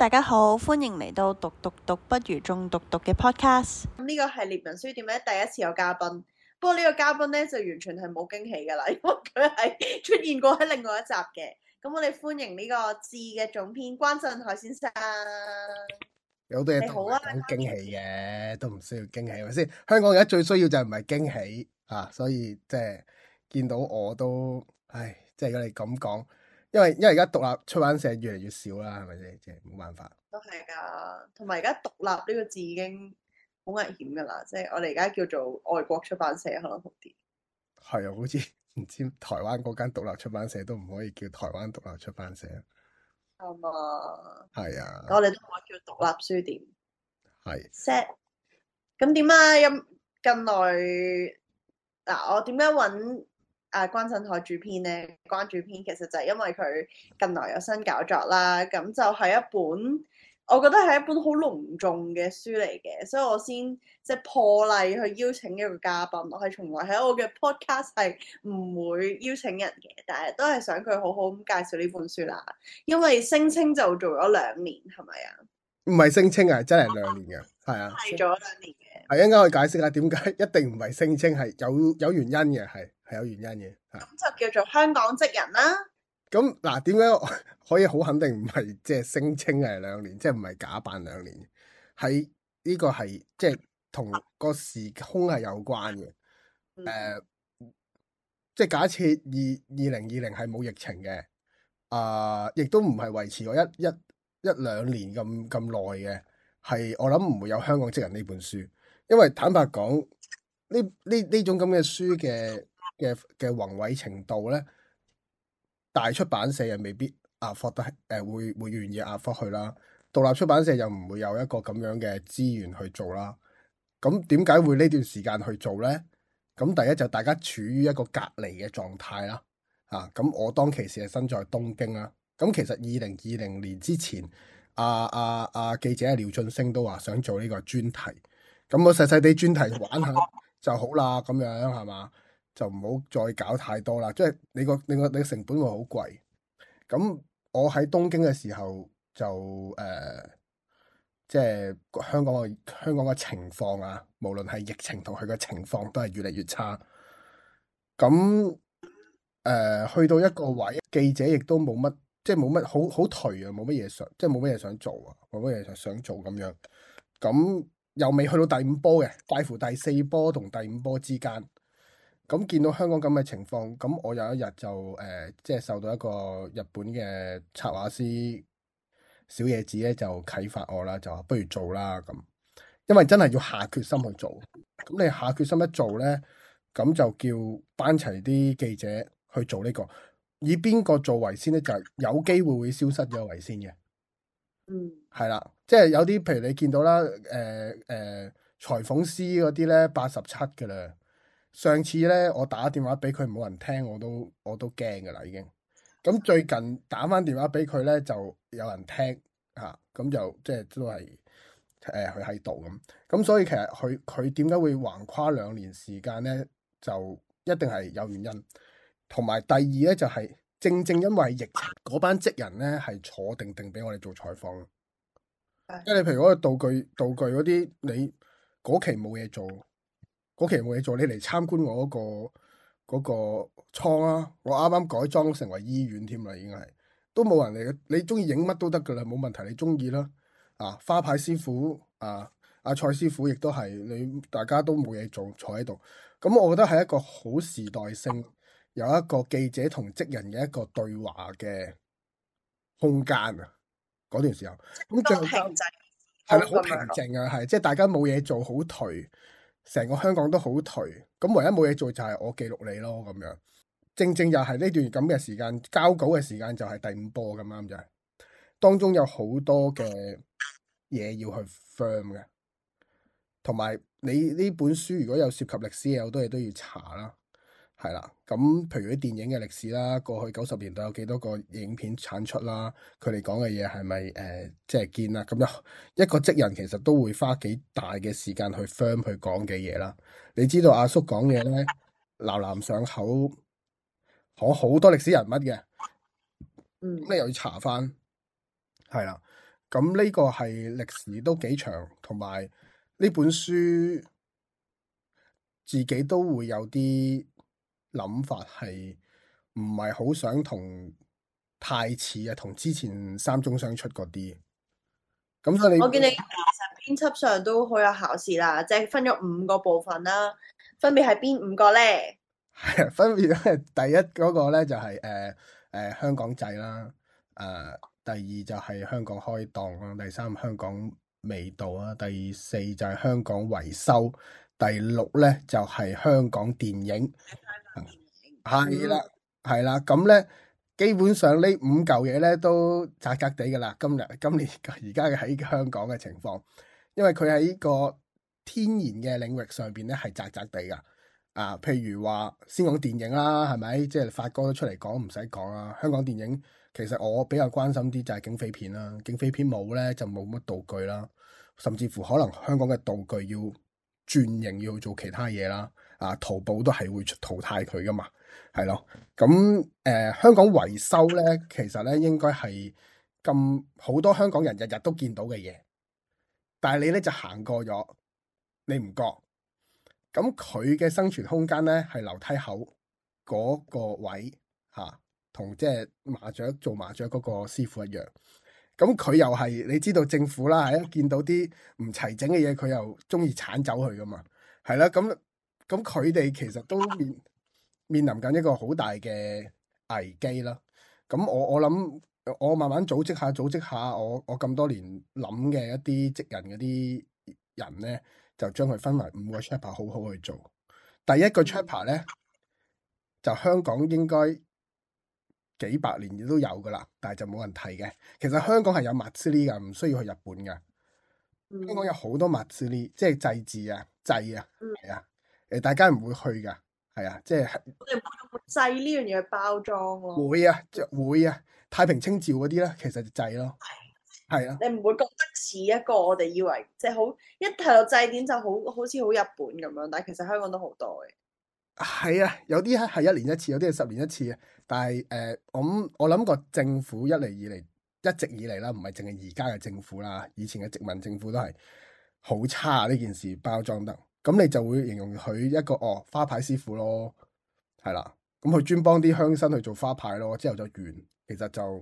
大家好，歡迎嚟到讀讀讀不如眾讀讀嘅 podcast。咁呢個係獵人書店咧，第一次有嘉賓，不過呢個嘉賓咧就完全係冇驚喜噶啦，因為佢係出現過喺另外一集嘅。咁我哋歡迎呢個誌嘅總編關震海先生。有多人驚好多嘢同你講驚喜嘅，都唔需要驚喜，係咪先？香港而家最需要就唔係驚喜啊，所以即係見到我都，唉，即係如果你咁講。因為因為而家獨立出版社越嚟越少啦，係咪先？即係冇辦法。都係噶，同埋而家獨立呢個字已經好危險噶啦，即係我哋而家叫做外國出版社可能好啲。係啊，好似唔知台灣嗰間獨立出版社都唔可以叫台灣獨立出版社。啊嘛。係啊。我哋都唔可以叫獨立書店。係。set 咁點啊？近近來嗱，我點樣揾？啊，關震海主編咧，關主編其實就係因為佢近來有新搞作啦，咁就係一本，我覺得係一本好隆重嘅書嚟嘅，所以我先即係、就是、破例去邀請一個嘉賓，我係從來喺我嘅 podcast 係唔會邀請人嘅，但係都係想佢好好咁介紹呢本書啦。因為聲稱就做咗兩年，係咪啊？唔係聲稱啊，真係兩年嘅，係啊。 係做咗兩年嘅。係一陣間可以解釋下點解一定唔係聲稱，係有有原因嘅，係。係有原因嘅，咁就叫做香港職人啦。咁嗱，點解可以好肯定唔係即係聲稱係兩年，即係唔係假扮兩年？係呢個係即係同個時空係有關嘅。誒、嗯呃，即係假設二二零二零係冇疫情嘅，啊、呃，亦都唔係維持一一一一我一一一兩年咁咁耐嘅，係我諗唔會有香港職人呢本書。因為坦白講，呢呢呢種咁嘅書嘅。嘅嘅宏偉程度咧，大出版社又未必壓得誒，會會願意壓去啦。獨立出版社又唔會有一個咁樣嘅資源去做啦。咁點解會呢段時間去做咧？咁第一就大家處於一個隔離嘅狀態啦。啊，咁我當其時係身在東京啦。咁、啊、其實二零二零年之前，阿阿阿記者廖俊升都話想做呢個專題。咁我細細地專題玩下就好啦，咁樣係嘛？就唔好再搞太多啦，即係你個你個你個成本會好貴。咁我喺東京嘅時候就誒，即係香港嘅香港嘅情況啊，無論係疫情同佢嘅情況都係越嚟越差。咁誒去到一個位，記者亦都冇乜即係冇乜好好頹啊，冇乜嘢想即係冇乜嘢想做啊，冇乜嘢想做咁樣。咁又未去到第五波嘅，介乎第四波同第五波之間。咁見到香港咁嘅情況，咁我有一日就誒、呃，即係受到一個日本嘅策劃師小野子咧，就啟發我啦，就話不如做啦咁。因為真係要下決心去做，咁你下決心一做咧，咁就叫班齊啲記者去做呢、呢個。以邊個做為先咧？就係有機會會消失咗為先嘅。嗯，係啦，即係有啲譬如你見到啦，誒、呃、誒、呃、裁縫師嗰啲咧，八十七噶啦。上次咧，我打電話俾佢，冇人聽，我都我都驚㗎啦已經。咁最近打翻電話俾佢咧，就有人聽吓，咁、啊、就即係都係誒佢喺度咁。咁、欸嗯、所以其實佢佢點解會橫跨兩年時間咧？就一定係有原因。同埋第二咧，就係、是、正正因為疫情，嗰班職人咧，係坐定定俾我哋做採訪。即係你譬如嗰個道具道具嗰啲，你嗰期冇嘢做。嗰期冇嘢做，你嚟參觀我嗰、嗰個嗰、嗰個、倉啦、啊。我啱啱改裝成為醫院添啦，已經係都冇人嚟。你中意影乜都得噶啦，冇問題。你中意啦啊，花牌師傅啊，阿、啊、蔡師傅亦都係你大家都冇嘢做坐喺度。咁、嗯、我覺得係一個好時代性有一個記者同職人嘅一個對話嘅空間啊。嗰段時候咁最平靜係啦，好平，平靜啊，係、嗯、即係大家冇嘢做，好頹。成個香港都好頹，咁唯一冇嘢做就係我記錄你咯咁樣。正正又係呢段咁嘅時間，交稿嘅時間就係第五波咁啱就係，當中有好多嘅嘢要去 firm 嘅，同埋你呢本書如果有涉及歷史嘅好多嘢都要查啦。係啦，咁譬如啲電影嘅歷史啦，過去九十年代有幾多個影片產出啦，佢哋講嘅嘢係咪誒即係堅啦？咁、呃、又一個職人其實都會花幾大嘅時間去 firm 去講嘅嘢啦。你知道阿叔講嘢咧，琅琅上口，講好多歷史人物嘅，咩、嗯？又要查翻，係啦。咁呢個係歷史都幾長，同埋呢本書自己都會有啲。諗法係唔係好想同太似啊，同之前三中商出嗰啲咁。所以我見你其實編輯上都好有考試啦，即、就、係、是、分咗五個部分啦，分別係邊五個咧？係、啊、分別第一嗰、那個咧就係誒誒香港製啦，誒、呃、第二就係香港開檔啦，第三香港味道啦，第四就係香港維修，第六咧就係香港電影。係啦，係啦、啊，咁、嗯、咧、嗯嗯，基本上呢五嚿嘢咧都扎扎實地噶啦。今日今年而家嘅喺香港嘅情況，因為佢喺個天然嘅領域上邊咧係扎扎實地噶。啊，譬如話先講電影啦，係咪？即係發哥都出嚟講唔使講啦。香港電影其實我比較關心啲就係警匪片啦，警匪片冇咧就冇乜道具啦，甚至乎可能香港嘅道具要轉型，要做其他嘢啦。啊，淘寶都係會淘汰佢噶嘛。係咯，咁誒、呃，香港維修咧，其實咧應該係咁好多香港人日日都見到嘅嘢，但係你咧就行過咗，你唔覺。咁佢嘅生存空間咧係樓梯口嗰個位吓，同即係麻雀做麻雀嗰個師傅一樣。咁佢又係你知道政府啦，係見到啲唔齊整嘅嘢，佢又鍾意鏟走佢㗎嘛，係啦。咁咁佢哋其實都面。面臨緊一個好大嘅危機啦，咁、嗯、我我諗，我慢慢組織下，組織下我我咁多年諗嘅一啲職人嗰啲人咧，就將佢分為五個 chapter，好好去做。第一個 chapter 咧，就香港應該幾百年都有噶啦，但係就冇人睇嘅。其實香港係有 matsuri 嘅，唔需要去日本嘅。香港有好多 matsuri，即係祭祀啊，祭啊，係啊，誒大家唔會去噶。係啊，即係我哋冇用祭呢樣嘢包裝咯。會啊，即係會啊。太平清醮嗰啲咧，其實就祭咯。係係啊，你唔會覺得似一個我哋以為即係好一提到祭典就好，好似好日本咁樣，但係其實香港都好多嘅。係啊，有啲係一年一次，有啲係十年一次啊。但係誒、呃，我咁我諗個政府一嚟二嚟一直以嚟啦，唔係淨係而家嘅政府啦，以前嘅殖民政府都係好差呢件事包裝得。咁你就會形容佢一個哦花牌師傅咯，係啦。咁佢專幫啲鄉紳去做花牌咯，之後就完。其實就誒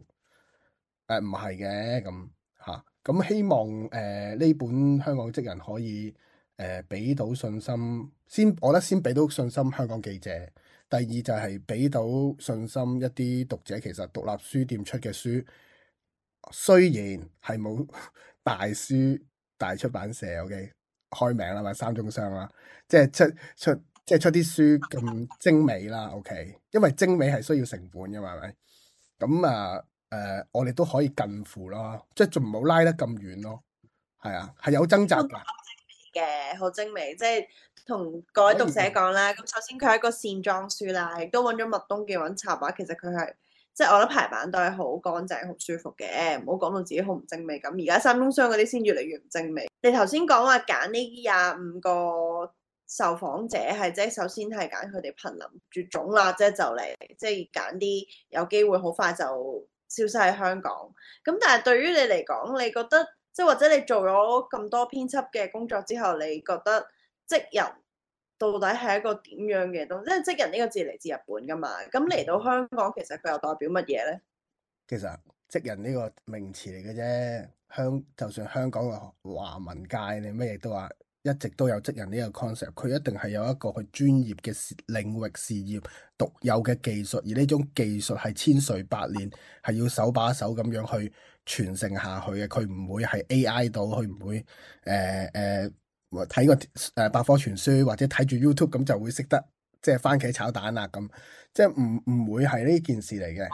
唔係嘅咁嚇。咁、呃嗯啊嗯、希望誒呢、呃、本香港職人可以誒俾、呃、到信心。先我覺得先俾到信心香港記者。第二就係俾到信心一啲讀者。其實獨立書店出嘅書雖然係冇大書大出版社 OK。開名啦，咪三中商啦，即係出出即係出啲書咁精美啦，OK，因為精美係需要成本噶嘛，係咪？咁啊誒，我哋都可以近乎咯，即係仲唔好拉得咁遠咯，係啊，係有掙扎噶。好精美嘅，好精美，即係同各位讀者講啦。咁首先佢係一個線裝書啦，亦都揾咗麥東健揾插畫，其實佢係。即係我覺得排版都係好乾淨、好舒服嘅，唔好講到自己好唔精美咁。而家三中商嗰啲先越嚟越唔精美。你頭先講話揀呢廿五個受訪者係，即係首先係揀佢哋瀕臨絕種啦，即係就嚟即係揀啲有機會好快就消失喺香港。咁但係對於你嚟講，你覺得即係或者你做咗咁多編輯嘅工作之後，你覺得職人？到底係一個點樣嘅東？即係職人呢個字嚟自日本噶嘛？咁嚟到香港，其實佢又代表乜嘢咧？其實職人呢個名詞嚟嘅啫，香就算香港嘅華文界咧，你乜嘢都話一直都有職人呢個 concept。佢一定係有一個佢專業嘅領域、事業獨有嘅技術，而呢種技術係千錘百煉，係要手把手咁樣去傳承下去嘅。佢唔會係 AI 到，佢唔會誒誒。呃呃睇個誒百科全書或者睇住 YouTube 咁就會識得，即係番茄炒蛋啦咁，即係唔唔會係呢件事嚟嘅。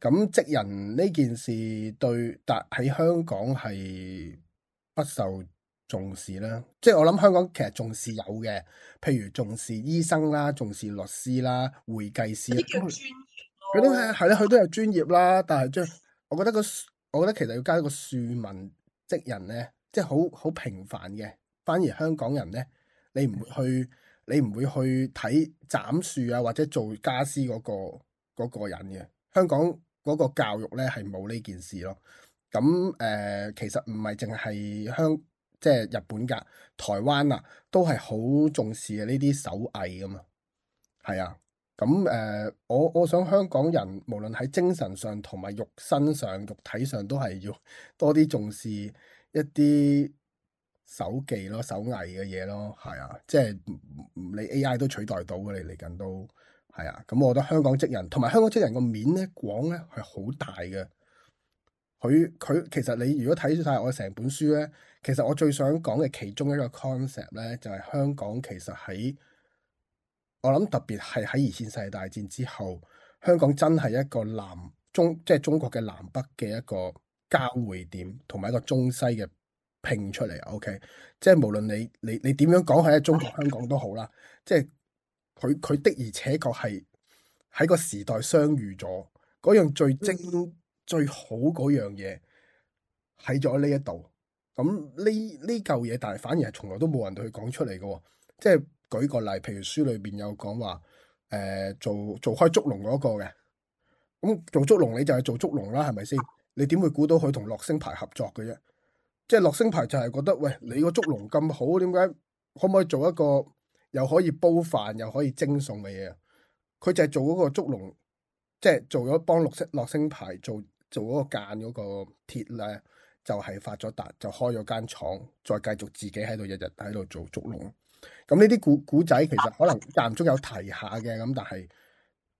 咁職人呢件事對，但喺香港係不受重視啦。即係我諗香港其實重視有嘅，譬如重視醫生啦，重視律師啦，會計師。專業。佢都係係啦，佢都有專業啦，但係即係我覺得個，我覺得其實要加一個庶民職人咧，即係好好平凡嘅。反而香港人咧，你唔會去，你唔會去睇斬樹啊，或者做家俬嗰個嗰個人嘅。香港嗰個教育咧係冇呢件事咯。咁誒，其實唔係淨係香，即係日本啊、台灣啊，都係好重視嘅呢啲手藝噶嘛。係啊。咁誒，我我想香港人無論喺精神上同埋肉身上、肉體上都係要多啲重視一啲。手技咯，手藝嘅嘢咯，係啊，即係你 AI 都取代到嘅，你嚟緊都係啊。咁、嗯、我覺得香港職人同埋香港職人個面咧廣咧係好大嘅。佢佢其實你如果睇晒我成本書咧，其實我最想講嘅其中一個 concept 咧，就係、是、香港其實喺我諗特別係喺二戰世界大戰之後，香港真係一個南中即係中國嘅南北嘅一個交匯點，同埋一個中西嘅。拼出嚟，OK，即係無論你你你點樣講喺中國香港都好啦，即係佢佢的而且確係喺個時代相遇咗嗰樣最精、嗯、最好嗰樣嘢喺咗呢一度，咁呢呢嚿嘢但係反而係從來都冇人對佢講出嚟嘅，即係舉個例，譬如書裏邊有講話，誒、呃、做做開竹龍嗰個嘅，咁、嗯、做竹龍你就係做竹龍啦，係咪先？你點會估到佢同樂星牌合作嘅啫？即係樂星牌就係覺得，喂，你個竹籠咁好，點解可唔可以做一個又可以煲飯又可以蒸餸嘅嘢？佢就係做嗰個竹籠，即係做咗幫綠色樂星牌做做嗰個間嗰個鐵咧，就係、是、發咗達，就開咗間廠，再繼續自己喺度日日喺度做竹籠。咁呢啲古古仔其實可能間中有提下嘅，咁但係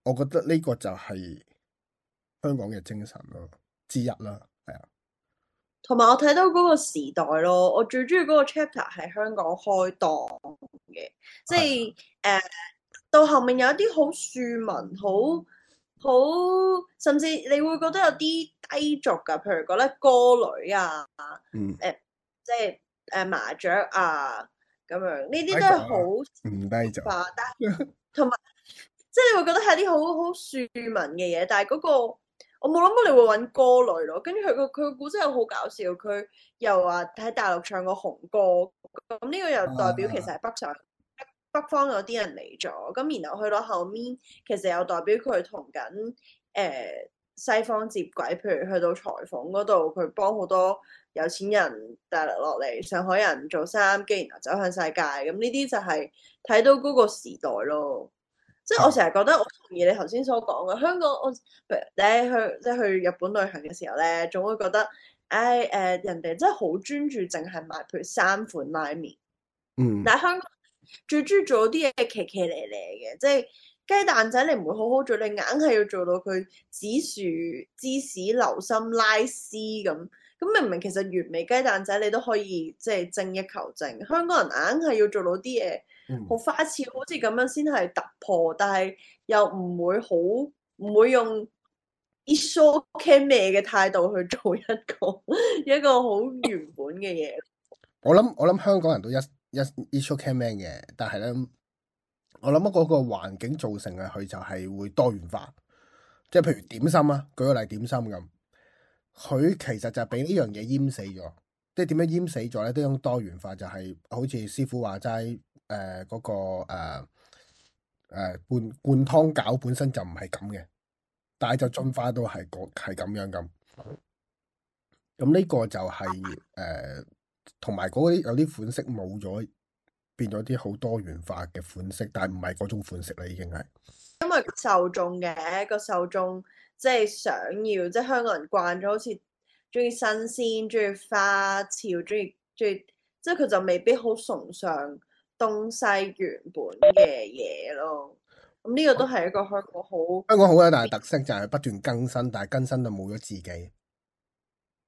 我覺得呢個就係香港嘅精神咯之一啦。同埋我睇到嗰個時代咯，我最中意嗰個 chapter 係香港開檔嘅，即係誒到後面有一啲好庶民，好好甚至你會覺得有啲低俗噶，譬如覺得歌女啊，誒即係誒麻雀啊咁樣，呢啲都係好唔低俗，啊。但係同埋即係你會覺得係啲好好庶民嘅嘢，但係嗰個。我冇諗過你會揾歌女咯，跟住佢個佢個故事又好搞笑，佢又話喺大陸唱過紅歌，咁呢個又代表其實係北上 北方有啲人嚟咗，咁然後去到後面其實又代表佢同緊誒西方接軌，譬如去到裁縫嗰度，佢幫好多有錢人帶落嚟上海人做衫，跟然後走向世界，咁呢啲就係睇到嗰個時代咯。即係我成日覺得，我同意你頭先所講嘅，香港我你去即係去日本旅行嘅時候咧，總會覺得唉，誒人哋真係好專注，淨係賣佢三款拉麵。嗯。但係香港最中意做啲嘢係奇奇咧咧嘅，即係雞蛋仔你唔會好好做，你硬係要做到佢紫薯芝士流心拉絲咁。咁明唔明？其實原味雞蛋仔你都可以即係精益求精，香港人硬係要做到啲嘢。嗯、 好花俏，好似咁樣先係突破，但係又唔會好，唔會用一生懸命嘅態度去做一個 一個好原本嘅嘢。我諗我諗香港人都一一一生懸命嘅，但係咧，我諗嗰個環境造成嘅佢就係會多元化，即係譬如點心啊，舉個例點心咁，佢其實就係俾呢樣嘢淹死咗，即係點樣淹死咗咧？咁多元化就係好似師傅話齋。誒，嗰、呃那個誒誒，灌灌湯餃本身就唔係咁嘅，但係就進化到係個係咁樣咁。咁呢個就係、是、誒，同埋嗰啲有啲款式冇咗，變咗啲好多元化嘅款式，但係唔係嗰種款式啦，已經係。因為受眾嘅個受眾，即係想要，即、就、係、是、香港人慣咗，好似中意新鮮，中意花俏，中意中意，即係佢就未必好崇尚，東西原本嘅嘢咯，咁呢個都係一個香港好香港好有大嘅特色，就係不斷更新，但係更新到冇咗自己。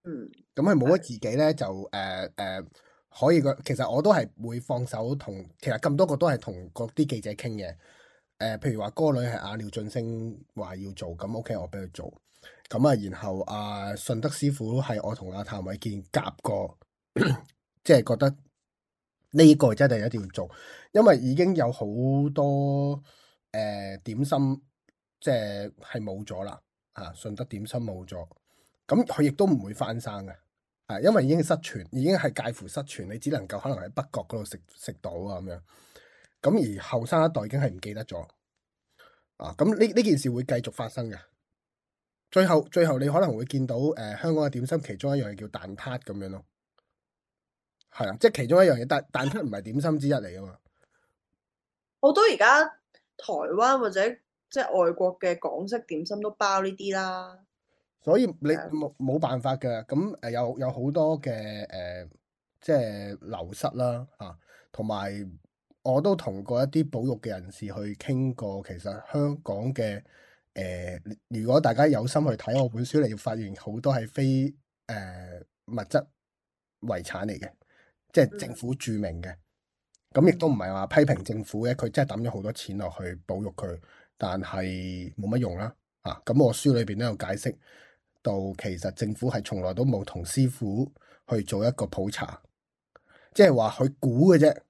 嗯，咁係冇咗自己咧，是的 就誒誒、呃呃、可以個。其實我都係會放手同，其實咁多個都係同嗰啲記者傾嘅。誒、呃，譬如話歌女係阿廖俊升話要做，咁 OK，我俾佢做。咁啊，然後阿、呃、順德師傅係我同阿譚偉健夾過，即係 覺得。呢個真係一定要做，因為已經有好多誒、呃、點心，即係冇咗啦，嚇、啊、順德點心冇咗，咁佢亦都唔會翻生嘅，係、啊、因為已經失傳，已經係介乎失傳，你只能夠可能喺北角嗰度食食到啊咁樣，咁而後生一代已經係唔記得咗，啊咁呢呢件事會繼續發生嘅，最後最後你可能會見到誒、呃、香港嘅點心其中一樣嘢叫蛋撻咁樣咯。係啊，即係其中一樣嘢，但但佢唔係點心之一嚟噶嘛？好多而家台灣或者即係外國嘅港式點心都包呢啲啦。所以你冇冇辦法噶，咁誒有有好多嘅誒、呃、即係流失啦吓，同、啊、埋我都同過一啲保育嘅人士去傾過，其實香港嘅誒、呃，如果大家有心去睇我本書，你要發現好多係非誒、呃、物質遺產嚟嘅。即係政府著名嘅，咁亦都唔係話批評政府嘅，佢真係抌咗好多錢落去保育佢，但係冇乜用啦。啊，咁我書裏邊都有解釋到，其實政府係從來都冇同師傅去做一個普查，即係話佢估嘅啫。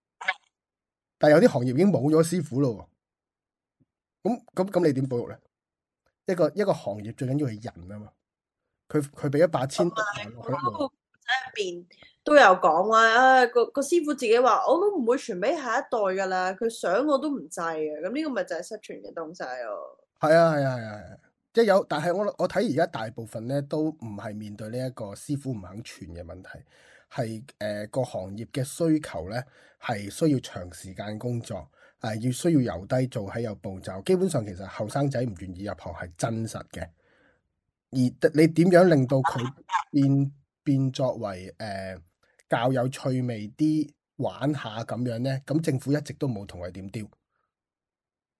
但係有啲行業已經冇咗師傅咯，咁咁咁你點保育咧？一個一個行業最緊要係人啊嘛，佢佢俾咗八千，佢。Oh my God. 喺邊都有講話、啊，啊個個師傅自己話我都唔會傳俾下一代噶啦，佢想我都唔制嘅，咁呢個咪就係失傳嘅東西咯。係啊係啊係啊，即係有，但係我我睇而家大部分咧都唔係面對呢一個師傅唔肯傳嘅問題，係誒個行業嘅需求咧係需要長時間工作，誒、呃、要需要由低做起有步驟，基本上其實後生仔唔願意入行係真實嘅，而你點樣令到佢變？ 變作為誒、呃，較有趣味啲玩下咁樣咧，咁政府一直都冇同佢點雕，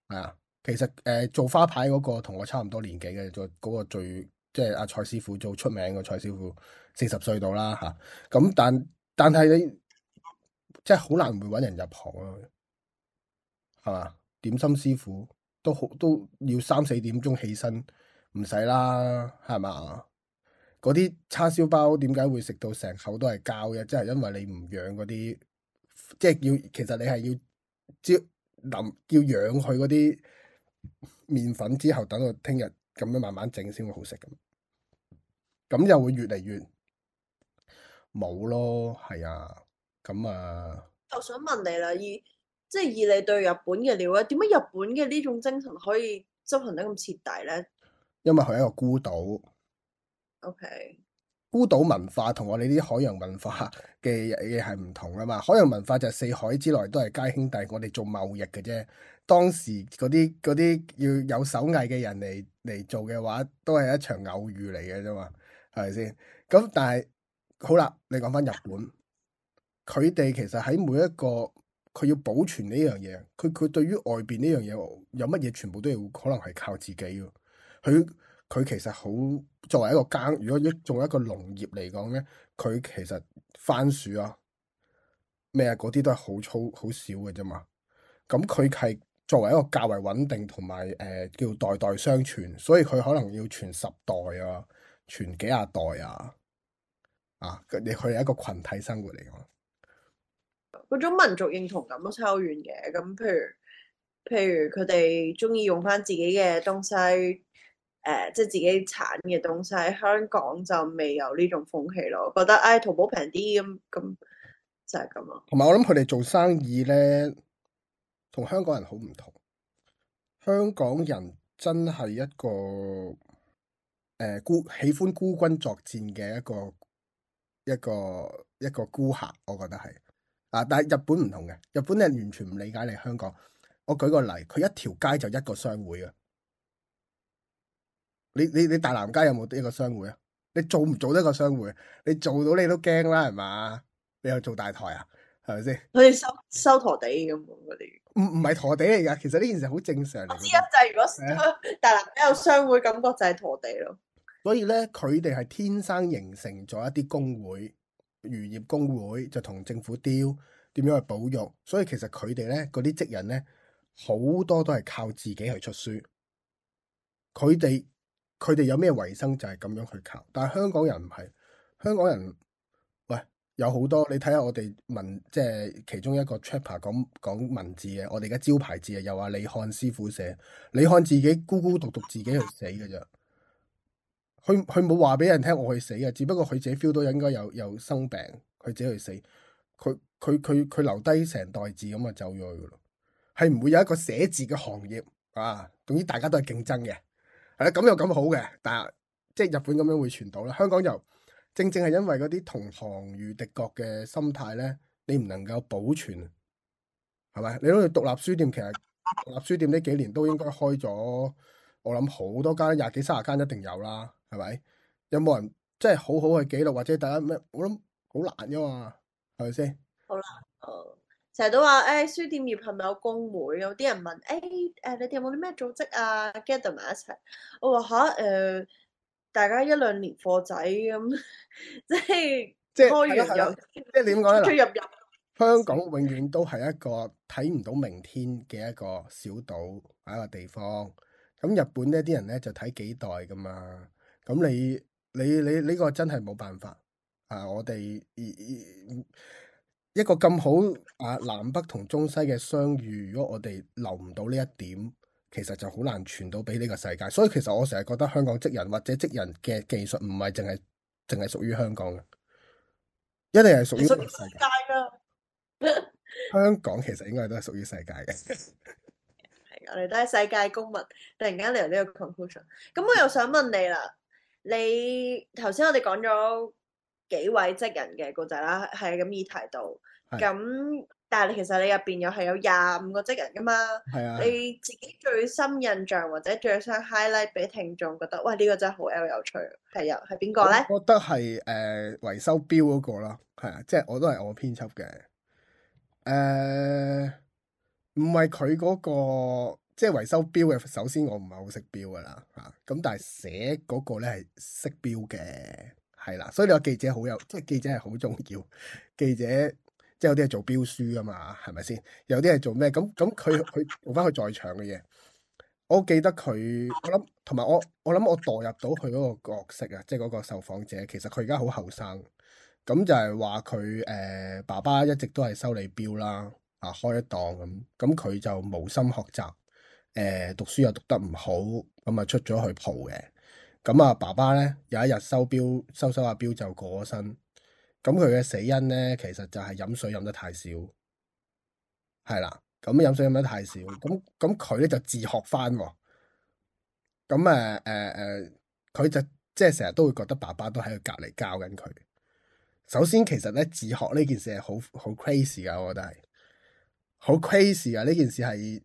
啊。其實誒、呃，做花牌嗰，那個同我差唔多年紀嘅，做，那、嗰個最即係阿蔡，蔡師傅，做出名嘅蔡師傅，四十歲到啦吓。咁但但係你即係好難會搵人入行咯，係、啊、嘛？點心師傅都好都要三四點鐘起身，唔使啦，係嘛？嗰啲叉燒包點解會食到成口都係膠嘅？即係因為你唔養嗰啲，即係要其實你係要即淋要養佢嗰啲麵粉之後，等到聽日咁樣慢慢整先會好食咁。咁又會越嚟越冇咯。係啊，咁啊，我想問你啦，以即係以你對日本嘅料啊，點解日本嘅呢種精神可以執行得咁徹底咧？因為佢係一個孤島。O.K. 孤島文化同我哋啲海洋文化嘅嘢係唔同噶嘛？海洋文化就係四海之內都係皆兄弟，我哋做貿易嘅啫。當時嗰啲嗰啲要有手藝嘅人嚟嚟做嘅話，都係一場偶遇嚟嘅啫嘛，係咪先？咁但係好啦，你講翻日本，佢哋其實喺每一個佢要保存呢樣嘢，佢佢對於外邊呢樣嘢有乜嘢，全部都要可能係靠自己嘅，佢。佢其實好作為一個耕，如果作為一個農業嚟講咧，佢其實番薯啊，咩啊嗰啲都係好粗好少嘅啫嘛。咁佢係作為一個較為穩定同埋誒叫代代相傳，所以佢可能要傳十代啊，傳幾廿代啊，啊佢佢係一個群體生活嚟嘅。嗰種民族認同感都差好遠嘅。咁譬如譬如佢哋中意用返自己嘅東西。誒、呃，即係自己產嘅東西，香港就未有呢種風氣咯。我覺得，唉、哎，淘寶平啲，咁咁就係咁咯。同埋，我諗佢哋做生意咧，同香港人好唔同。香港人真係一個誒孤、呃、喜歡孤軍作戰嘅一個一個一個孤客，我覺得係。啊，但係日本唔同嘅，日本人完全唔理解你香港。我舉個例，佢一條街就一個商會嘅。你你你大南街有冇得一個商會啊？你做唔做得一個商會？你做到你都驚啦，係嘛？你又做大台啊？係咪先？佢收收陀地咁啲，唔唔係陀地嚟噶。其實呢件事好正常。我知就係、是、如果大南街有商會，感覺就係陀地咯。吧所以咧，佢哋係天生形成咗一啲工會、漁業工會，就同政府 deal 點樣去保育。所以其實佢哋咧嗰啲職人咧，好多都係靠自己去出書。佢哋。佢哋有咩維生就係咁樣去靠，但係香港人唔係香港人。喂，有好多你睇下我哋文，即係其中一個 chapter 講講文字嘅，我哋而家招牌字啊，又話李漢師傅寫，李漢自己孤孤獨獨獨自己去死嘅啫。佢佢冇話俾人聽我去死嘅，只不過佢自己 feel 到應該有有生病，佢自己去死。佢佢佢佢留低成袋字咁啊走咗去噶咯，係唔會有一個寫字嘅行業啊，總之大家都係競爭嘅。咁又咁好嘅，但係即係日本咁樣會傳到啦。香港又正正係因為嗰啲同行如敵國嘅心態咧，你唔能夠保存，係咪？你諗住獨立書店，其實獨立書店呢幾年都應該開咗，我諗好多間，廿幾、卅間一定有啦，係咪？有冇人即係好好去記錄或者大家咩？我諗好難嘅嘛，係咪先？好難。成日都話誒、哎，書店業係咪有工會？有啲人問誒，誒、哎，你哋有冇啲咩組織啊？gather 埋一齊。我話吓誒，大家一兩年貨仔咁、嗯，即係即係入入，即係點講出入入。香港永遠都係一個睇唔到明天嘅一個小島，一個地方。咁日本呢啲人咧就睇幾代噶嘛。咁你你你呢、這個真係冇辦法啊！我哋。一個咁好啊，南北同中西嘅相遇，如果我哋留唔到呢一點，其實就好難傳到俾呢個世界。所以其實我成日覺得香港職人或者職人嘅技術唔係淨係淨係屬於香港嘅，一定係屬於世界啦。界 香港其實應該都係屬於世界嘅。係， 我哋都係世界公民。突然間嚟呢個 conclusion，咁我又想問你啦，你頭先我哋講咗。幾位職人嘅古仔啦，係咁易提到。咁是的 但係其實你入邊又係有廿五個職人噶嘛？係啊，你自己最深印象或者最想 highlight 俾聽眾覺得，哇！呢、這個真係好 l 有趣。係啊，係邊個咧？我覺得係誒、呃、維修錶嗰、那個啦，係啊，即係我都係我編輯嘅。誒、呃，唔係佢嗰個即係、就是、維修錶嘅。首先我唔係好識錶噶啦嚇，咁但係寫嗰個咧係識錶嘅。係啦，所以你話記者好有，即係記者係好重要。記者，記者即係有啲係做標書啊嘛，係咪先？有啲係做咩？咁咁佢佢回翻去在場嘅嘢。我記得佢，我諗同埋我，我諗我代入到佢嗰個角色啊，即係嗰個受訪者。其實佢而家好後生，咁就係話佢誒爸爸一直都係修理表啦，啊開一檔咁，咁佢就冇心學習，誒、呃、讀書又讀得唔好，咁啊出咗去蒲嘅。咁啊，爸爸咧，有一日收表收，收阿表就過咗身。咁佢嘅死因咧，其實就係飲水飲得太少，係啦。咁飲水飲得太少，咁咁佢咧就自學翻。咁誒誒誒，佢、呃呃、就即係成日都會覺得爸爸都喺佢隔籬教緊佢。首先，其實咧自學呢件事係好好 crazy 噶，我覺得係好 crazy 噶呢件事係。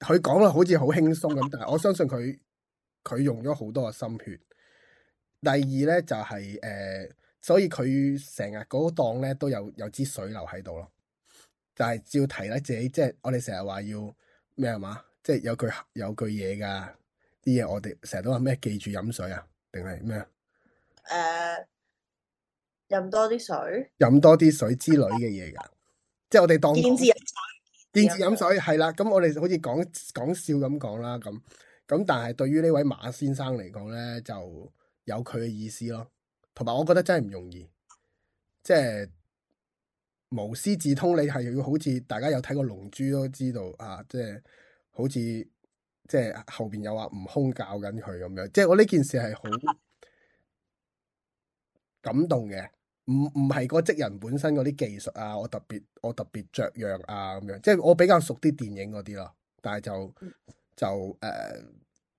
佢講得好似好輕鬆咁，但係我相信佢。佢用咗好多嘅心血。第二咧就係、是、誒、呃，所以佢成日嗰檔咧都有有支水流喺度咯。但係照要提咧自己，即係我哋成日話要咩啊嘛？即係有句有句嘢噶啲嘢，我哋成日都話咩？記住飲水啊，定係咩啊？誒，飲多啲水，飲多啲水之類嘅嘢噶。即係我哋當電磁飲水，電磁飲水係啦。咁我哋好似講講笑咁講啦咁。咁但係對於呢位馬先生嚟講咧，就有佢嘅意思咯。同埋我覺得真係唔容易，即係無師自通。你係要好似大家有睇過《龍珠》都知道啊，即係好似即係後邊有阿悟空教緊佢咁樣。即係我呢件事係好感動嘅。唔唔係個職人本身嗰啲技術啊，我特別我特別雀躍啊咁樣。即係我比較熟啲電影嗰啲咯，但係就。就誒、呃，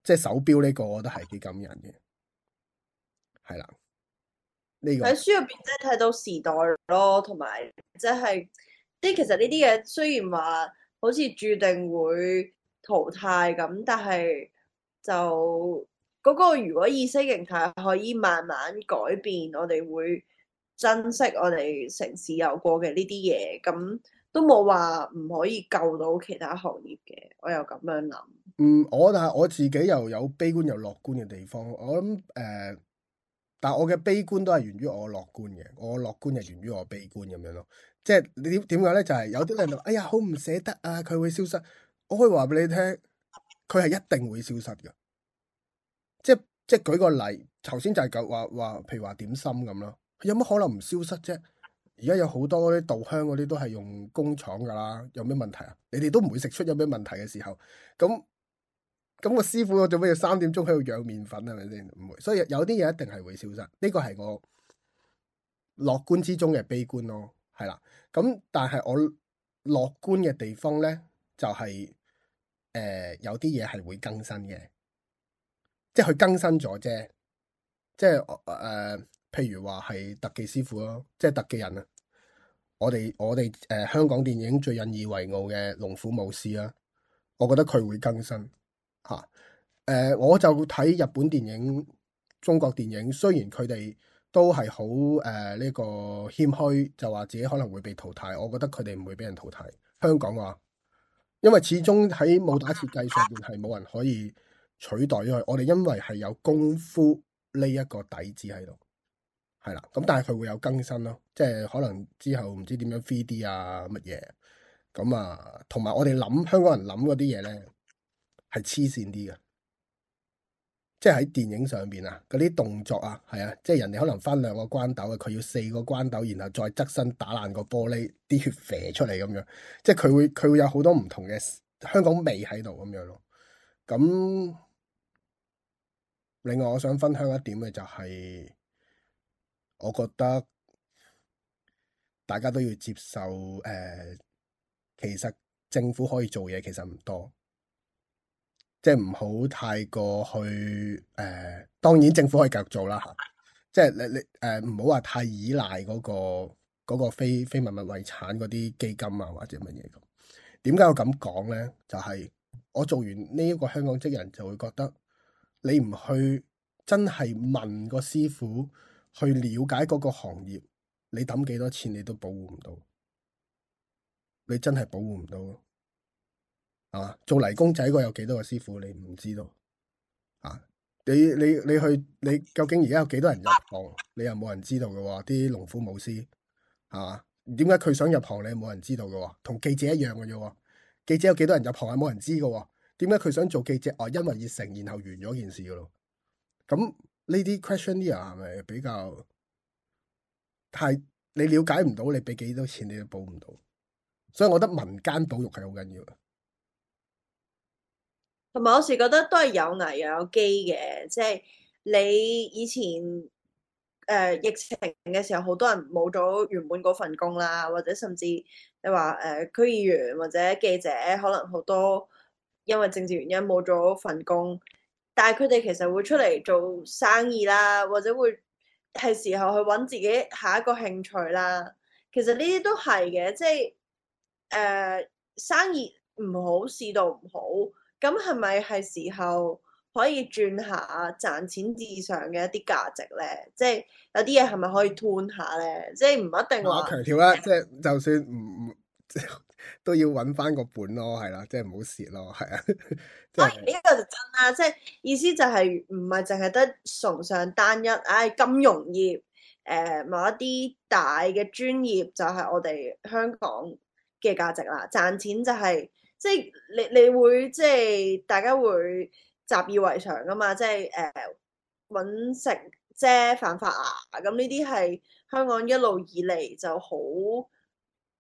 即係手表呢、這個，我覺得係幾感人嘅，係啦。呢、這個喺書入邊即係睇到時代咯，同埋即係即係其實呢啲嘢雖然話好似注定會淘汰咁，但係就嗰個如果意識形態可以慢慢改變，我哋會珍惜我哋城市有過嘅呢啲嘢，咁都冇話唔可以救到其他行業嘅。我又咁樣諗。嗯，我但係我自己又有悲觀又樂觀嘅地方，我諗誒、呃，但係我嘅悲觀都係源於我樂觀嘅，我樂觀就源於我悲觀咁樣咯。即係你點點解咧，就係、是、有啲人就哎呀，好唔捨得啊，佢會消失。我可以話俾你聽，佢係一定會消失嘅。即係即係舉個例，頭先就係講話話，譬如話點心咁咯，有乜可能唔消失啫？而家有好多啲稻香嗰啲都係用工廠噶啦，有咩問題啊？你哋都唔會食出有咩問題嘅時候，咁。咁個師傅我做咩要三點鐘喺度養麵粉啊？係咪先？唔會，所以有啲嘢一定係會消失。呢、這個係我樂觀之中嘅悲觀咯，係啦。咁但係我樂觀嘅地方咧，就係、是、誒、呃、有啲嘢係會更新嘅，即係佢更新咗啫。即係誒、呃，譬如話係特技師傅咯，即係特技人啊。我哋我哋誒、呃，香港電影最引以為傲嘅龍虎武師啊，我覺得佢會更新。誒、呃，我就睇日本電影、中國電影，雖然佢哋都係好誒呢個謙虛，就話自己可能會被淘汰，我覺得佢哋唔會俾人淘汰。香港話，因為始終喺武打設計上邊係冇人可以取代咗佢，我哋因為係有功夫呢一個底子喺度，係啦。咁但係佢會有更新咯，即係可能之後唔知點樣 3D 啊、乜嘢，咁啊，同埋、啊、我哋諗香港人諗嗰啲嘢咧，係黐線啲嘅。即係喺電影上面啊，嗰啲動作啊，係啊，即係人哋可能翻兩個關斗啊，佢要四個關斗，然後再側身打爛個玻璃，啲血飛出嚟咁樣，即係佢會佢會有好多唔同嘅香港味喺度咁樣咯。咁另外，我想分享一點嘅就係、是，我覺得大家都要接受誒、呃，其實政府可以做嘢，其實唔多。即係唔好太過去誒、呃，當然政府可以繼續做啦吓、啊。即係你你誒，唔好話太依賴嗰、嗰個、嗰個非非物質遺產嗰啲基金啊，或者乜嘢咁。點解我咁講咧？就係、是、我做完呢一個香港職人，就會覺得你唔去真係問個師傅去了解嗰個行業，你抌幾多錢你都保護唔到，你真係保護唔到。啊！做泥工仔個有幾多個師傅，你唔知道啊？你你你去你究竟而家有幾多人入行？你又冇人知道嘅喎，啲龍虎武師啊？點解佢想入行？你冇人知道嘅喎，同記者一樣嘅啫。記者有幾多人入行係冇人知嘅？點解佢想做記者？哦、啊，因為熱誠，然後完咗件事咯。咁呢啲 question 呢？係咪比較係你了解唔到？你俾幾多錢，你都補唔到？所以我覺得民間保育係好緊要。同埋，我有時覺得都係有危又有機嘅，即、就、係、是、你以前誒、呃、疫情嘅時候，好多人冇咗原本嗰份工啦，或者甚至你話誒、呃、區議員或者記者，可能好多因為政治原因冇咗份工，但係佢哋其實會出嚟做生意啦，或者會係時候去揾自己下一個興趣啦。其實呢啲都係嘅，即係誒生意唔好，市道唔好。咁係咪係時候可以轉下賺錢至上嘅一啲價值咧？即、就、係、是、有啲嘢係咪可以 turn 下咧？即係唔一定話強調啦，即係 就，就算唔唔都要揾翻個本咯，係啦，即係唔好蝕咯，係啊。就是、啊，呢、就是哎這個就真啦，即、就、係、是、意思就係唔係淨係得崇尚單一，唉、哎，金融業誒、呃，某一啲大嘅專業就係我哋香港嘅價值啦，賺錢就係、是。即係你你會即係大家會習以為常噶嘛？即係誒搵食啫，犯法啊！咁呢啲係香港一路以嚟就好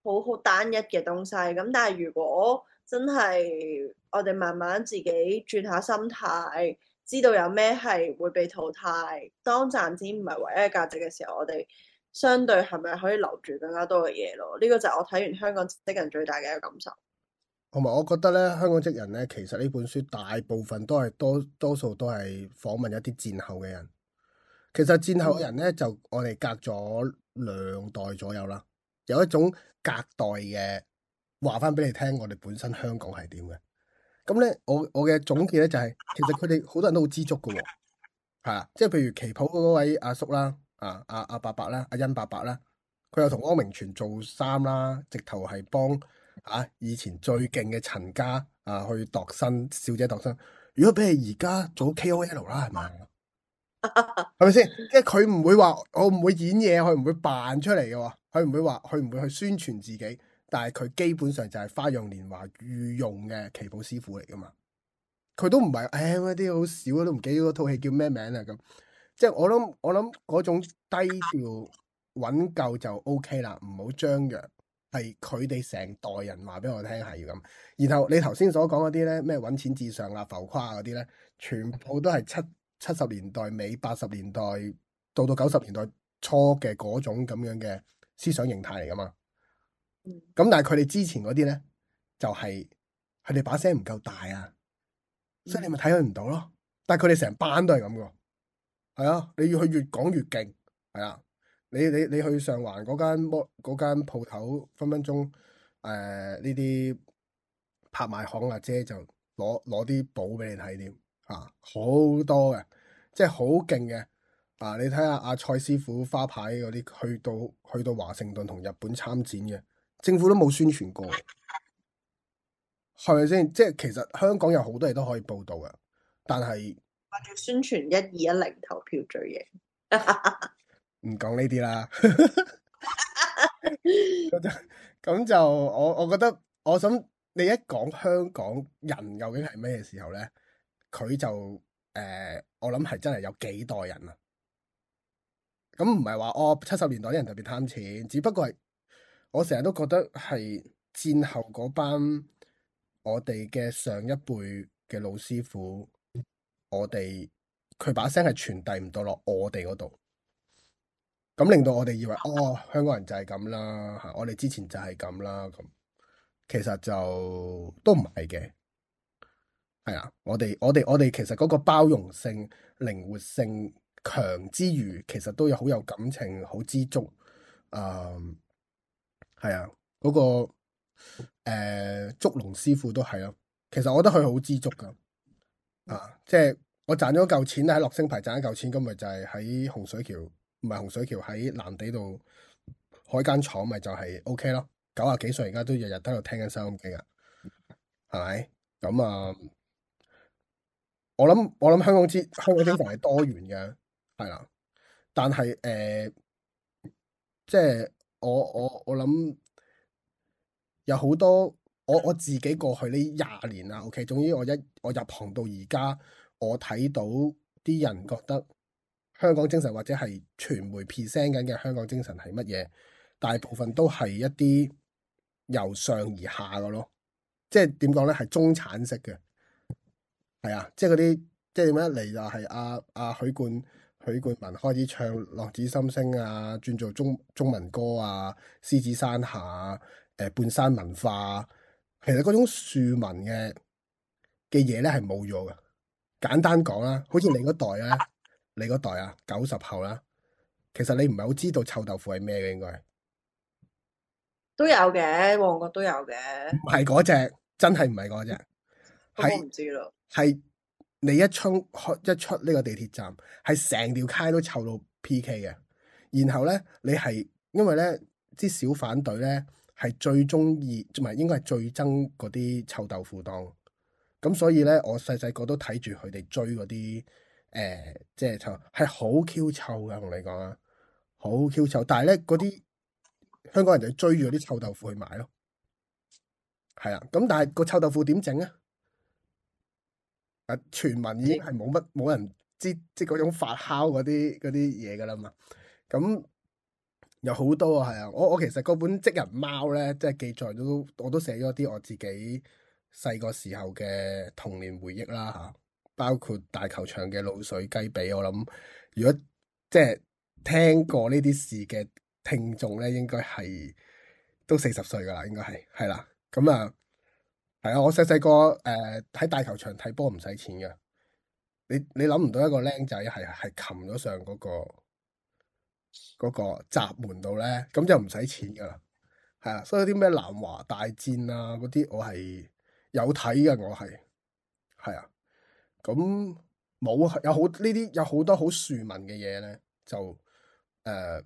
好好單一嘅東西咁。但係如果真係我哋慢慢自己轉下心態，知道有咩係會被淘汰，當賺錢唔係唯一嘅價值嘅時候，我哋相對係咪可以留住更加多嘅嘢咯？呢、呢個就係我睇完香港職人最大嘅一個感受。同埋，我覺得咧，香港職人咧，其實呢本書大部分都係多多數都係訪問一啲戰後嘅人。其實戰後嘅人咧，就我哋隔咗兩代左右啦，有一種隔代嘅話。翻俾你聽，我哋本身香港係點嘅？咁咧，我我嘅總結咧就係、是，其實佢哋好多人都好知足嘅喎，即係譬如旗袍嗰位阿叔啦，啊啊啊伯伯啦，阿、啊、欣伯伯啦，佢又同汪明荃做衫啦，直頭係幫。啊！以前最勁嘅陳家啊，去度身，小姐度身。如果俾佢而家做 KOL 啦，係咪？係咪先？即係佢唔會話，我唔會演嘢，佢唔會扮出嚟嘅。佢唔會話，佢唔會去宣傳自己。但係佢基本上就係花樣年華御用嘅旗袍師傅嚟噶嘛。佢都唔係唉，嗰、哎、啲好少都唔記得嗰套戲叫咩名啦。咁即係我諗，我諗嗰種低調揾夠就 OK 啦，唔好張揚。係佢哋成代人話俾我聽，係要咁。然後你頭先所講嗰啲咧，咩搵錢至上啊、浮誇嗰啲咧，全部都係七七十年代尾、八十年代到到九十年代初嘅嗰種咁樣嘅思想形態嚟噶嘛。咁但係佢哋之前嗰啲咧，就係佢哋把聲唔夠大啊，所以你咪睇佢唔到咯。但係佢哋成班都係咁噶，係啊，你要去越講越勁，係啊。你你你去上環嗰間摩嗰間鋪頭分分鐘，誒，呢啲拍賣行阿姐，姐就攞攞啲簿俾你睇添啊，好多嘅，即係好勁嘅啊，你睇下阿蔡師傅花牌嗰啲，去到去到華盛頓同日本參展嘅，政府都冇宣傳過，係咪先？即係其實香港有好多嘢都可以報道嘅，但係宣傳一二一零投票最型。 唔講呢啲啦，咁 就我我覺得，我想你一講香港人究竟係咩時候咧，佢就誒、呃，我諗係真係有幾代人啦、啊。咁唔係話我七十年代啲人特別貪錢，只不過係我成日都覺得係戰後嗰班我哋嘅上一輩嘅老師傅，我哋佢把聲係傳遞唔到落我哋嗰度。咁令到我哋以為，哦，香港人就係咁啦，嚇！我哋之前就係咁啦，咁其實就都唔係嘅，係啊！我哋我哋我哋其實嗰個包容性、靈活性強之餘，其實都有好有感情、好知足，誒、嗯，係啊！嗰、那個誒竹、呃、龍師傅都係咯，其實我覺得佢好知足噶，啊！即、就、係、是、我賺咗嚿錢喺樂星牌賺一嚿錢，今日就係喺洪水橋。咪洪水橋喺南地度開間廠、OK 天天，咪就係 O K 咯。九廿幾歲而家都日日喺度聽緊收音機㗎，係咪？咁啊，我諗我諗香港之香港精神係多元嘅，係啦。但係誒、呃，即係我我我諗有好多我我自己過去呢廿年啦。O、OK? K，總之我一我入行到而家，我睇到啲人覺得，香港精神或者係傳媒 present 緊嘅香港精神係乜嘢？大部分都係一啲由上而下嘅咯，即係點講咧？係中產式嘅，係啊，即係嗰啲即係點樣一嚟就係阿阿許冠許冠文開始唱《浪子心聲》啊，轉做中中文歌啊，《獅子山下》啊、呃，半山文化其實嗰種庶民嘅嘅嘢咧係冇咗嘅。簡單講啦，好似另一代咧。你嗰代啊，九十後啦，其實你唔係好知道臭豆腐係咩嘅，應該都有嘅，旺角都有嘅。唔係嗰隻，真係唔係嗰隻。係我唔知啦。係你一出開一出呢個地鐵站，係成條街都臭到 PK 嘅。然後咧，你係因為咧，啲小販隊咧係最中意，唔係應該係最憎嗰啲臭豆腐檔。咁所以咧，我細細個都睇住佢哋追嗰啲。誒、欸，即係臭，係好 Q 臭噶，同你講啊，好 Q 臭。但係咧，嗰啲香港人就追住嗰啲臭豆腐去買咯，係啊。咁但係個臭豆腐點整啊？啊，全民已經係冇乜冇人知，即係嗰種發酵嗰啲啲嘢噶啦嘛。咁、嗯、有好多啊，係啊。我我其實嗰本《職人貓》咧，即係記載都我都寫咗啲我自己細個時候嘅童年回憶啦，吓、啊。包括大球場嘅鹵水雞髀，我諗如果即係聽過呢啲事嘅聽眾咧，應該係都四十歲噶啦。應該係係啦，咁啊係啊。我細細個誒喺大球場睇波唔使錢嘅。你你諗唔到一個僆仔係係擒咗上嗰個嗰個閘門度咧，咁就唔使錢噶啦。係啊，所以啲咩南華大戰啊嗰啲，我係有睇嘅。我係係啊。咁冇有，有好呢啲有好多好庶民嘅嘢咧，就誒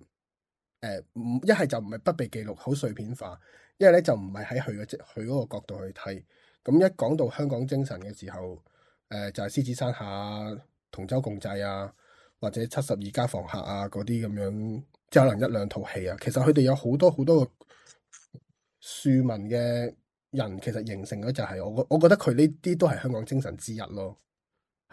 誒，唔一係就唔係不被記錄，好碎片化，一係咧就唔係喺佢個即係佢嗰個角度去睇。咁一講到香港精神嘅時候，誒、呃、就係、是、獅子山下、啊、同舟共濟啊，或者七十二家房客啊嗰啲咁樣，即係可能一兩套戲啊。其實佢哋有好多好多個庶民嘅人，其實形成咗就係、是、我我覺得佢呢啲都係香港精神之一咯。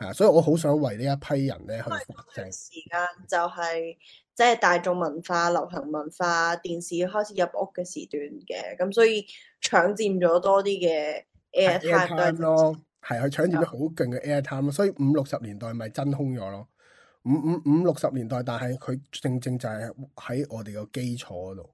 啊！所以我好想為呢一批人咧去發正。時間就係即係大眾文化、流行文化、電視開始入屋嘅時段嘅，咁所以搶佔咗多啲嘅 airtime 咯。係佢搶佔咗好勁嘅 airtime 咯的，所以五六十年代咪真空咗咯。五五五六十年代，但係佢正正就係喺我哋個基礎嗰度。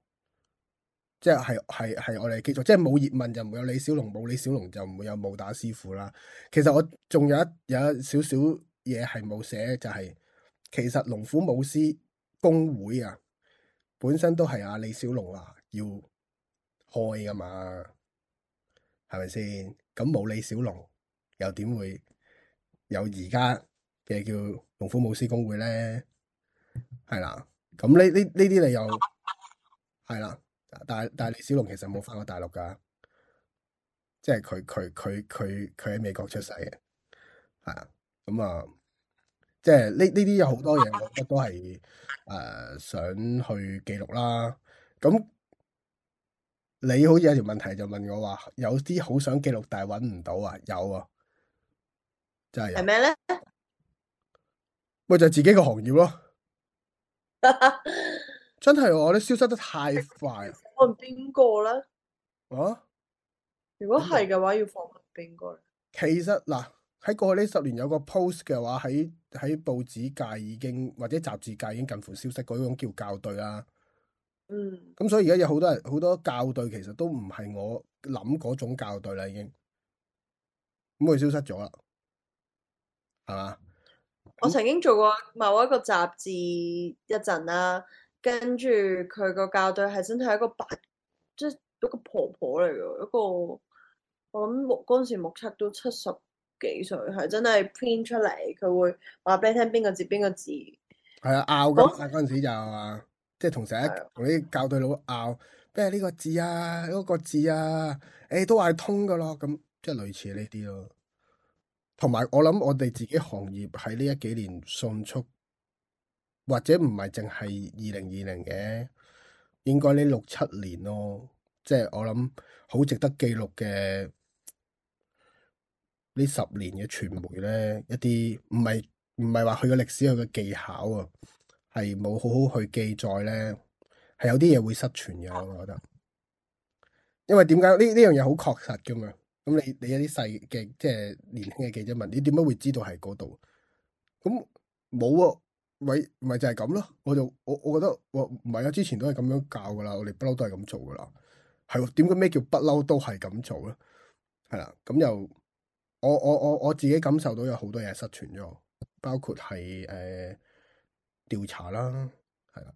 即係係係我哋嘅基礎，即係冇葉問就冇有李小龍，冇李小龍就唔會有武打師傅啦。其實我仲有一有一少少嘢係冇寫，就係、是、其實龍虎武師公會啊，本身都係阿李小龍啊要開噶嘛，係咪先？咁冇李小龍又點會有而家嘅叫龍虎武師公會咧？係啦，咁呢呢呢啲你又係啦。但係但係李小龍其實冇返過大陸噶，即係佢佢佢佢佢喺美國出世嘅，係啊，咁、嗯、啊，即係呢呢啲有好多嘢，我覺得都係誒、呃、想去記錄啦。咁、嗯、你好似有條問題就問我話，有啲好想記錄但係揾唔到啊，有啊，真係就係係咩咧？咪就係自己個行業咯。 真係我啲消失得太快，放邊個咧？啊？如果係嘅話，要放乜邊個？其實嗱，喺過去呢十年有個 post 嘅話，喺喺報紙界已經或者雜誌界已經近乎消失嗰種叫校對啦。嗯。咁所以而家有好多人好多校對，其實都唔係我諗嗰種校對啦，已經咁佢消失咗啦。係嘛？我曾經做過某一個雜誌一陣啦、啊。跟住佢個校對係真係一個白，即係一個婆婆嚟嘅一個，我諗嗰陣時目測都七十幾歲，係真係 print 出嚟，佢會話俾你聽邊個字邊個字。係啊，拗嘅嗰陣時就即係同成日啲校對佬拗，咩呢個字啊，嗰個字啊，誒都係通嘅咯，咁即係類似呢啲咯。同埋我諗我哋自己行業喺呢一幾年迅速。或者唔係淨係二零二零嘅，應該呢六七年咯，即係我諗好值得記錄嘅呢十年嘅傳媒咧，一啲唔係唔係話佢嘅歷史佢嘅技巧啊，係冇好好去記載咧，係有啲嘢會失傳嘅，我覺得。因為點解呢呢樣嘢好確實噶嘛，咁你你有啲細嘅即係年輕嘅記者問你點解會知道係嗰度？咁冇啊！喂，咪就係咁咯。我就我我覺得，我唔係啊。之前都係咁樣教噶啦，我哋不嬲都係咁做噶啦。係點解咩叫不嬲都係咁做咧？係啦，咁又我我我我自己感受到有好多嘢失傳咗，包括係誒調查啦，係啦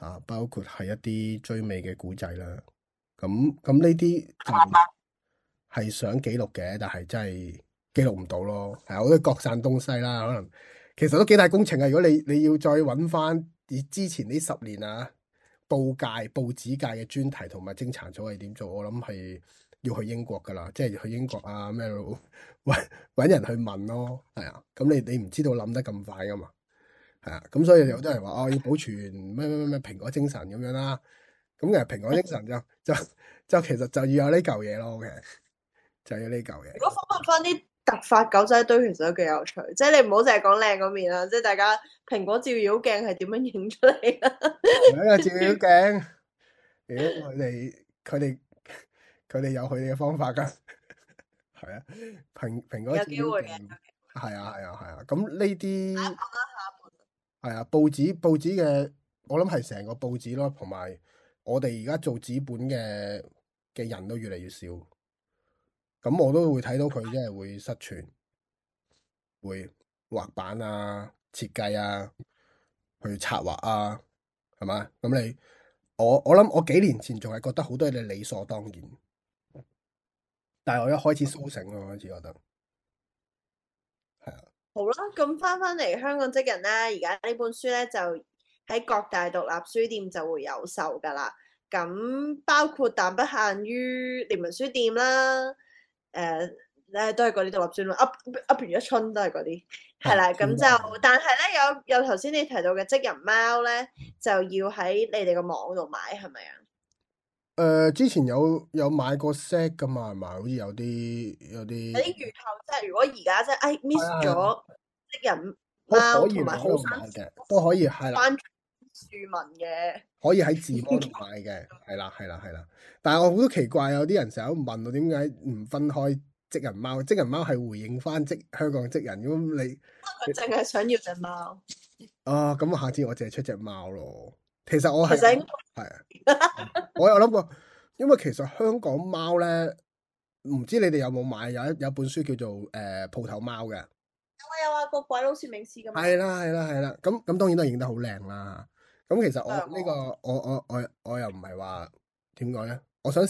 吓，包括係一啲追尾嘅古仔啦。咁咁呢啲就係想記錄嘅，但係真係記錄唔到咯。係我都各散東西啦，可能。其實都幾大工程啊！如果你你要再揾翻，以之前呢十年啊，報界、報紙界嘅專題同埋偵查組係點做，我諗係要去英國噶啦，即係去英國啊，咩？揾揾人去問咯，係啊！咁你你唔知道諗得咁快噶嘛，係啊！咁所以有好多人話哦，要保存咩咩咩蘋果精神咁樣啦、啊，咁其實蘋果精神就就就，就其實就要有呢舊嘢咯嘅，okay？就要呢舊嘢。如果翻啲。突發狗仔隊其實都幾有趣，即係你唔好淨係講靚嗰面啦，即係大家蘋果照妖鏡係點樣影出嚟 啊？照妖鏡，咦，我哋佢哋佢哋有佢哋嘅方法噶，係啊，蘋蘋果照妖鏡，有機會嘅，係啊係啊係啊，咁呢啲係啊報紙報紙嘅，我諗係成個報紙咯，同埋我哋而家做紙本嘅嘅人都越嚟越少。咁我都會睇到佢真係會失傳，會畫板啊、設計啊、去策劃啊，係嘛？咁你我我諗我幾年前仲係覺得好多嘢理所當然，但係我一開始蘇醒咯，開始覺得係啊。好啦，咁翻返嚟香港職人咧，而家呢本書咧就喺各大獨立書店就會有售噶啦。咁包括但不限於聯文書店啦。誒咧、uh, 都係嗰啲獨立專門、uh，up up 完一春都係嗰啲，係啦咁就，但係咧有有頭先你提到嘅職人貓咧，就要喺你哋個網度買係咪啊？誒、呃，之前有有買過 set 噶嘛，係咪？好似有啲有啲。你預購即係如果而家即係 miss 咗職的、哎、人貓同埋好新嘅都可以係啦。庶民嘅可以喺字幕度買嘅，係啦，係啦，係啦。但係我好多奇怪，有啲人成日都問我點解唔分開職人貓？職人貓係回應翻職香港職人，咁你，你淨係想要隻貓。哦，咁我下次我淨係出隻貓咯。其實我係，係，我有諗過，因為其實香港貓咧，唔知你哋有冇買？有一有本書叫做《誒鋪頭貓》嘅。有啊有啊，個鬼佬說明書咁，係啦，係啦，係啦，咁咁當然都影得好靚啦。咁、嗯、其實我呢、嗯這個我我我我又唔係話點講咧，我想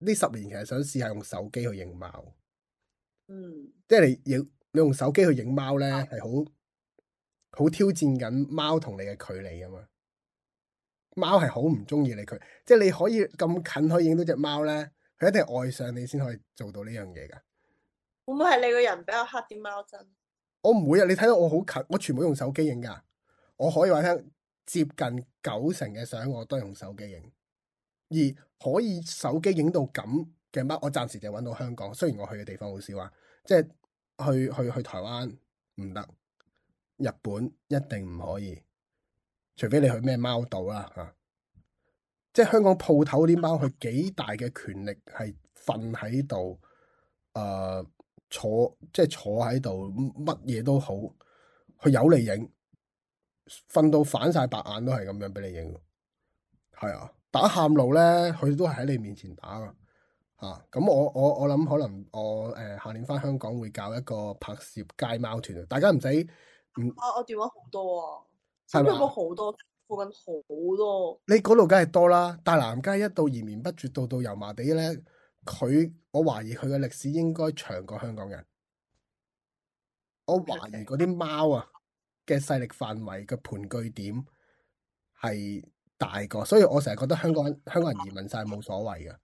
呢十年其實想試下用手機去影貓，嗯，即係你要你用手機去影貓咧，係好好挑戰緊貓同你嘅距離㗎嘛。貓係好唔中意你佢，即係你可以咁近可以影到隻貓咧，佢一定愛上你先可以做到呢樣嘢噶。會唔會係你個人比較黑啲貓真？我唔會啊！你睇到我好近，我全部用手機影噶，我可以話你聽。接近九成嘅相我都用手機影，而可以手機影到咁嘅貓，我暫時就揾到香港。雖然我去嘅地方好少啊，即係去去去台灣唔得，日本一定唔可以，除非你去咩貓島啦嚇、啊。即係香港鋪頭啲貓，佢幾大嘅權力係瞓喺度，誒、呃、坐即係坐喺度，乜嘢都好，佢有嚟影。瞓到反晒白眼都係咁樣俾你影，係啊！打喊路咧，佢都係喺你面前打噶嚇。咁、啊、我我我諗可能我誒、呃、下年翻香港會搞一個拍攝街貓團，大家唔使唔，我我電話好多啊，差唔多好多，附近好多。你嗰度梗係多啦，大南街一到延綿不絕，到到油麻地咧，佢我懷疑佢嘅歷史應該長過香港人。我懷疑嗰啲 Okay. 貓啊！嘅勢力範圍嘅盤據點係大個，所以我成日覺得香港香港人移民晒冇所謂嘅，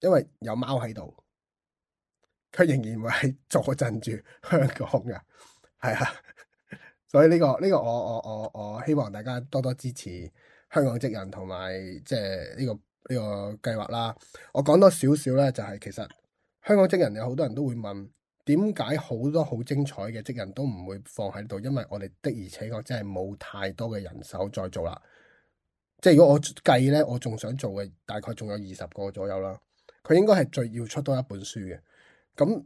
因為有貓喺度，佢仍然會係坐鎮住香港嘅，係啊！所以呢個呢個我我我我希望大家多多支持香港職人同埋即係呢個呢個計劃啦。我講多少少咧，就係其實香港職人有好多人都會問。點解好多好精彩嘅職人都唔會放喺度？因為我哋的而且確真係冇太多嘅人手再做啦。即係如果我計咧，我仲想做嘅大概仲有二十個左右啦。佢應該係最要出多一本書嘅。咁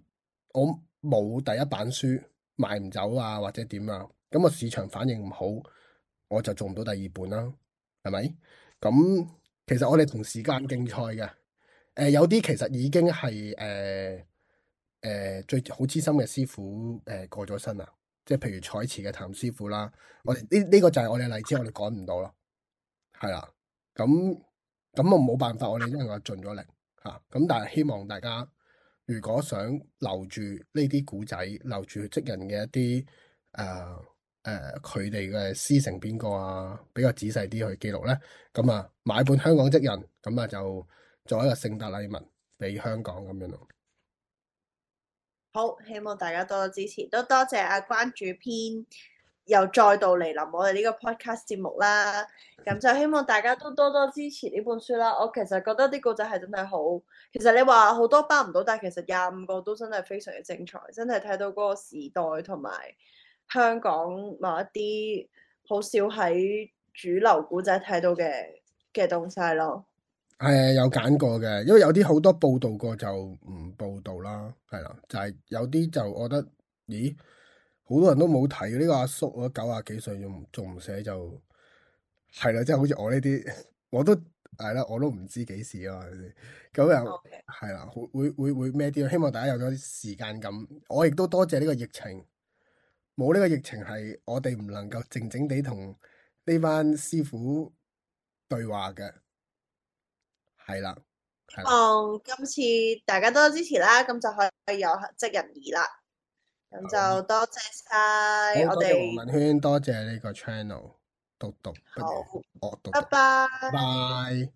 我冇第一版書賣唔走啊，或者點啊？咁個市場反應唔好，我就做唔到第二本啦。係咪？咁其實我哋同時間競賽嘅。誒、呃、有啲其實已經係誒。呃誒，最好資深嘅師傅誒、呃、過咗身啊！即係譬如彩瓷嘅譚師傅啦，我哋呢呢個就係我哋嘅例子，我哋趕唔到咯，係啦。咁咁我冇辦法，我哋因為我盡咗力嚇。咁、啊、但係希望大家如果想留住呢啲古仔，留住職人嘅一啲誒誒，佢哋嘅師承邊個啊，比較仔細啲去記錄咧。咁、嗯、啊，買本香港職人，咁、嗯、啊就作為一個聖誕禮物俾香港咁樣咯。好，希望大家多多支持，都多謝阿關主編又再度嚟臨我哋呢個 podcast 節目啦。咁就希望大家都多多支持呢本書啦。我其實覺得啲古仔係真係好，其實你話好多包唔到，但係其實廿五個都真係非常嘅精彩，真係睇到嗰個時代同埋香港某一啲好少喺主流古仔睇到嘅嘅東西咯。係有揀過嘅，因為有啲好多報道過就唔報道啦，係啦，就係有啲就我覺得，咦，好多人都冇睇呢個阿叔，我九廿幾歲仲仲唔寫就係啦，即係好似我呢啲，我都係啦，我都唔知幾時啊，咁又係啦，會會會會咩啲？希望大家有咗時間感，我亦都多謝呢個疫情，冇呢個疫情係我哋唔能夠靜靜地同呢班師傅對話嘅。係啦，希望今次大家多支持啦，咁就可以有職人意啦。咁就多謝晒我哋。多謝文軒，多謝呢個 channel，獨獨不惡毒。讀讀拜拜。